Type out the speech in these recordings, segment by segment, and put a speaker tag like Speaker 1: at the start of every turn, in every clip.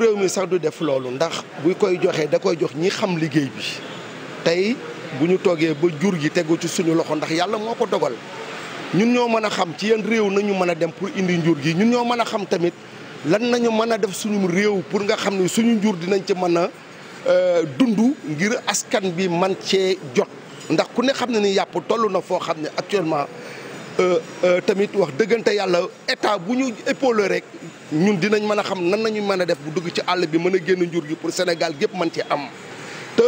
Speaker 1: réew mi sax du def loolu ndax bu koy joxee da koy jox ñi xam liggéey bi tey bu ñu toogee ba jur gi tegu ci suñu loxo ndax yàlla moo ko dogal ñun ñoo mën a xam ci yan réew nañu mën a dem pour indi njur gi ñun ñoo mën a xam tamit lan nañu mën a def suñu réew pour nga xam ne suñu njur dinañ ci mën a euh, dund ngir askan bi man cee jot ndax ku ne xam ne ni yàpp toll na foo xam ne actuellement Euh, euh, tamit wax dëggante yàlla état bu ñu épaulé rek ñun dinañ mën a xam nan nañu mën a def bu dugg ci àll bi mën a génn njur gi pour Sénégal gépp mën ci am te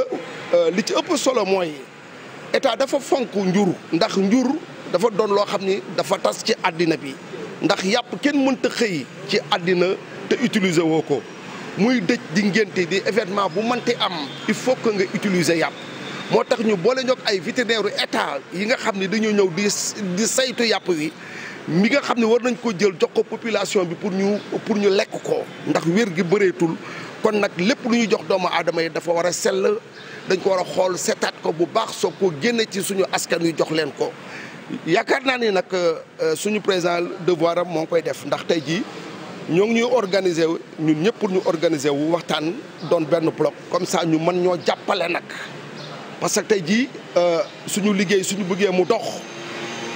Speaker 1: euh, li ci ëpp solo mooy état dafa fonk njur ndax njur dafa doon loo xam ni dafa tas ci àddina bi ndax yàpp kenn mënta xëy ci àddina te utiliser woo ko muy dëj di ngénte di événement bu mënti am il faut que nga utiliser yàpp moo tax ñu boole ñoog ay vétérinaire état yi nga xam ne dañoo ñëw di di saytu yàpp wi mi nga xam ne war nañ ko jël jox ko population bi pour ñu pour ñu lekk ko ndax wér gi bëreetul kon nag lépp lu ñu jox doomu aadama yi dafa war a sell dañ ko war a xool seetaat ko bu baax soog ko génne ci suñu askan wi jox leen ko yaakaar naa ni nag euh, euh, suñu président devoir am moo koy def ndax tey jii ñoo ngi ñuy organiser ñu ñëpp pour ñu organiser wu waxtaan doon benn bloc comme ça ñu mën ñoo jàppale nag parce que tey jii euh, suñu liggéey suñu buggee mu dox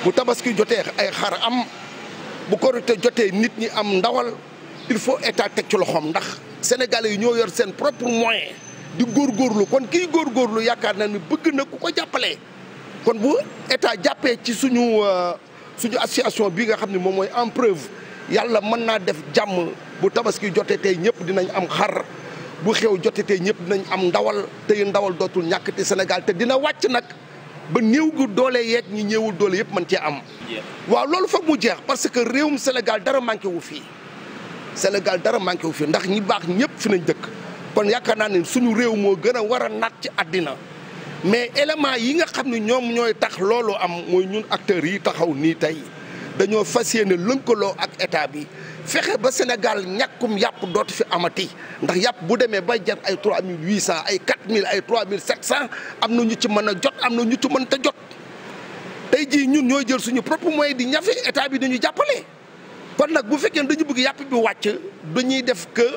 Speaker 1: bu tabaski jotee ay xar am bu korite jotee nit ñi am ndawal il faut état teg ci loxoom ndax sénégalais yi ñoo yor seen propre moyen di góor góorgóorlu kon kiy góorlu yaakaar na ni bëgg na ku ko jàppale. kon bu état jàppee ci suñu euh, suñu association bi nga xam ne moom mooy en preuve yàlla mën naa def jàmm bu tabaski jotee tey ñëpp dinañ am xar. bu xew jotatee ñëpp dinañ am ndawal tey ndawal dootul ñàkk te Sénégal te dina wàcc nag ba néew gu doole yeeg ñi ñëwul doole yëpp mën cee am. waaw loolu foog mu jeex parce que réewum Sénégal dara manqué wu fii. Sénégal dara manqué wu fii ndax ñi baax ñëpp fi nañ dëkk kon yaakaar naa ne suñu réew moo gën a war a naat ci àddina mais élément yi nga xam ne ñoom ñooy tax loolu am mooy ñun acteurs yi taxaw nii tey dañoo fas yéene lënkaloo ak état bi. fexe ba Sénégal ñàkkum yàpp dootu fi amati ndax yàpp bu demee ba jar ay trois mille huit cent ay quatre mille ay trois mille sept am na ñu ci mën a jot am na ñu ci mënta jot. tey jii ñun ñooy jël suñu propre moyen di ñafe état bi dañu jàppale kon nag bu fekkee dañu bëgg yàpp bi wàcc dañuy def que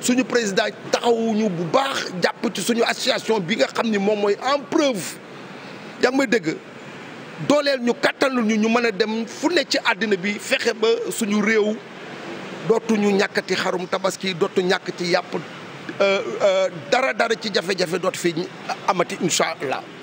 Speaker 1: suñu président taxawuñu bu baax jàpp ci suñu association bi nga xam ni moom mooy en preuve yaa ngi may dégg. dooleel ñu kàttanlu ñu ñu mën a dem fu ne ci àddina bi fexe ba suñu réew dootuñu ñàkkati xarum tabaski dootu ñàkkati yàpp euh, euh, dara dara ci jafe-jafe dootu fi amati incha allah.